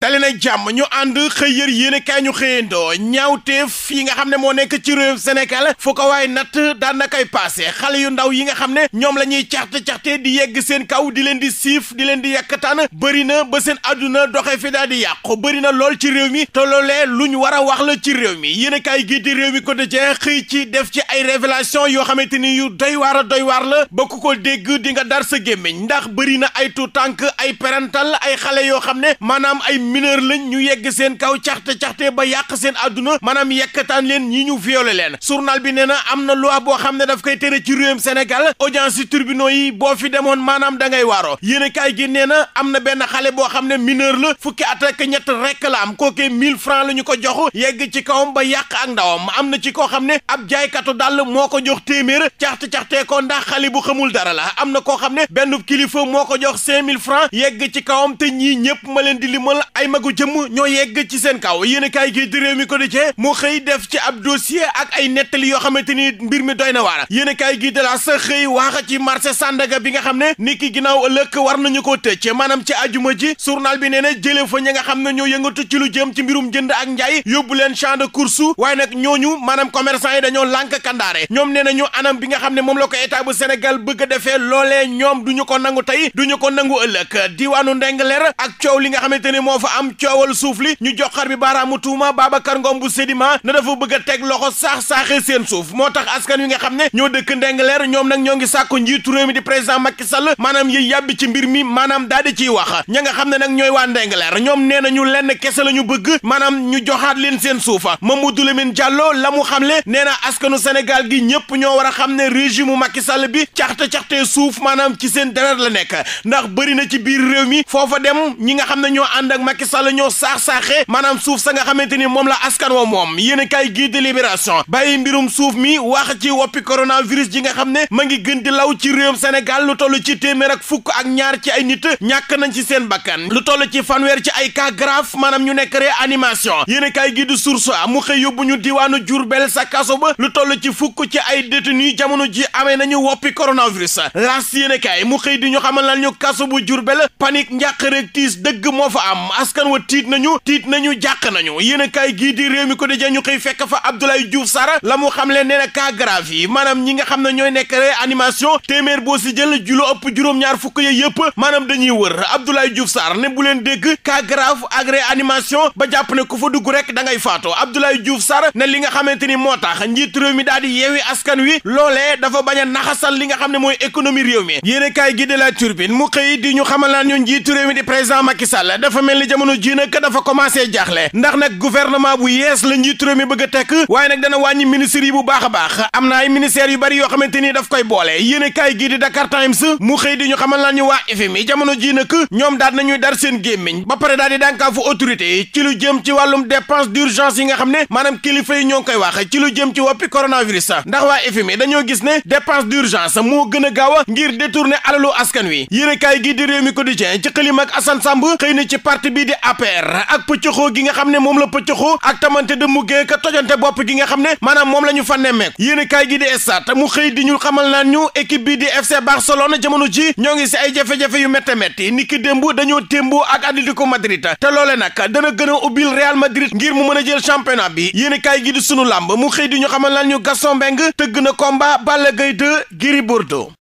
dali na jàmm ñu ànd xëy yër yéene ñu ñu xëyandoo ñaawteef yi nga xam ne moo nekk ci réew Sénégal fu ko waaye nat daan na paase xale yu ndaw yi nga xam ne ñoom la ñuy caxte-caxte di yegg seen kaw di leen di siif di leen di yàkk yàkkataan bëri na ba seen àdduna doxe fi daal di yàqu bëri na lool ci réew mi te loolee luñ war a wax la ci réew mi yéene gi di réew mi quotidien xëy ci def ci ay révélation yoo xamante ni yu doy waar a doy waar la ba ku ko dégg di nga dar sa gémmiñ ndax bëri na ay tuutànk ay perantal ay xale yoo xam ne maanaam ay mineur la ñu yegg seen kaw caxte-caxte ba yàq seen àdduna maanaam yekkataan leen ñi ñu violé leen journal bi nee na am na loi boo xam ne daf koy tere ci réewum Sénégal audience ci tribunaux yi boo fi demoon maanaam da ngay waaroo yéen kaay gi nee na am na benn xale boo xam ne mineur la fukki at ak ñett rek la am kookee 1000 francs la ñu ko jox yegg ci kawam ba yàq ak ndawam am na ci koo xam ne ab jaaykatu dàll moo ko jox téeméer caxte-caxte ko ndax xale bu xamul dara la am na koo xam ne benn kilifa moo ko jox 5000 francs yegg ci kawam te ñii ñëpp ma leen di limal ay magu jëmm ñoo yegg ci seen kaw yéen a gi di réew mi ko di cee mu xëy def ci ab dossier ak ay nettali yoo xamante ni mbir mi doy na waara yéen a kaay gi de la xëy waaxa ci marché Sandaga bi nga xam ne ni ki ginnaaw ëllëg war nañu ko tëj maanaam ci ajuma ji journal bi nee na jëlee fa ñi nga xam ne ñoo yëngatu ci lu jëm ci mbirum jënd ak njaay yóbbu leen champ de course waaye nag ñooñu maanaam commerçant yi dañoo lànk kandaare ñoom nee na anam bi nga xam ne moom la ko état bu Sénégal bëgg defee loolee ñoom duñu ko nangu tey duñu ko nangu ëllëg diwaanu ndeng leer ak coow li nga xamante ni moo am coowal suuf li ñu joxar bi baaraamu tuuma Babacar Ngom bu Sedima na dafa bëgg a teg loxo saax-saaxee seen suuf moo tax askan wi nga xam ne ñoo dëkk Ndengler ñoom nag ñoo ngi sàkku njiitu réew mi di ma Macky Sall maanaam yiy yàbbi ci mbir mi maanaam daal di ciy wax ña nga xam ne nag ñooy waa Ndengler ñoom nee na ñu lenn kese la ñu bëgg maanaam ñu joxaat leen seen suufa Mamadou Lamine Diallo la mu xamle nee na askanu Sénégal gi ñëpp ñoo war a xam ne régime Macky Sall bi caxte-caxtee suuf maanaam ci seen deret la nekk ndax bëri na ci biir réew mi foofa dem ñi nga xam ne ñoo ànd ak Macky Sall ñoo saax-saaxee maanaam suuf sa nga xamante ni moom la askan wa moom yéen a kaay gii di libération bàyyi mbirum suuf mi wax ci woppi coronavirus ji nga xam ne ma ngi gën di law ci réewum Sénégal lu toll ci téeméer ak fukk ak ñaar ci ay nit ñàkk nañ ci seen bakkan lu toll ci fanweer ci ay cas grave maanaam ñu nekk réanimation yéen a kaay gii di a mu xëy yóbbu ñu diwaanu Diourbel sa kaso ba lu toll ci fukk ci ay détenu jamono ji amee nañu woppi coronavirus las yéen a kaay mu xëy di ñu xamal lan ñu kaso bu Diourbel panique njàq rek tiis dëgg moo fa am askan wa tiit nañu tiit nañu jàq nañu yéen kaay gii di réew mi ko di ñu fekk fa Abdoulaye Diouf Sarr la mu xam leen nee na cas grave yi maanaam ñi nga xam ne ñooy nekk réanimation téeméer boo si jël ju lu juróom-ñaar fukk ya yëpp maanaam dañuy wër Abdoulaye Diouf Sarr ne bu leen dégg cas grave ak réanimation ba jàpp ne ku fa dugg rek da ngay faatoo Abdoulaye Diouf Sarr ne li nga xamante ni moo tax njiit réew mi daal di yeewi askan wi loolee dafa bañ a naxasal li nga xam ne mooy économie réew mi yéen a kaay gi de la turbine mu xëy di ñu xamal naan ñu njiitu réew mi di président Macky Sall dafa mel ni jamono ji nag dafa commencé jaaxle ndax nag gouvernement bu yees la njiitu réew mi bëgg tekk waaye nag dana wàññi ministres yi bu baax a baax am na ay ministères yu bari yoo xamante ni daf koy boole yéen kaay gii di Dakar Times mu xëy di ñu xamal la ñu waa FMI jamono ji nag ñoom daal nañuy dar seen gémmiñ ba pare daal di dànkaafu autorité yi ci lu jëm ci wàllum dépense d'urgence yi nga xam ne maanaam kilifa yi ñoo ngi koy wax ci lu jëm ci woppi coronavirus ndax waa FMI dañoo gis ne dépense d'urgence moo gën a gaaw ngir détourner alalu askan wi yéen kaay gii di réew mi quotidien ci xëlim ak Samb xëy na ci parti bi di APR ak pëccëxoo gi nga xam ne moom la pëccëxoo ak tamante de muggee ka tojante bopp gi nga xam ne maanaam moom la ñu fa nemmeeku yéen kaay gi di Stades mu xëy di ñu xamal naan ñu équipe bi di FC Barcelone jamono ji ñoo ngi si ay jafe-jafe yu métte métti ni ki démb dañoo témboo ak Atlético Madrid te loole na dana gën a ubbil Real Madrid ngir mu mën a jël championnat bi yéen kaay gi di sunu làmb mu xëy di ñu xamal na ñu Gaston Mbengue tëgg na combat Balla Gaye 2 Gris Bordeaux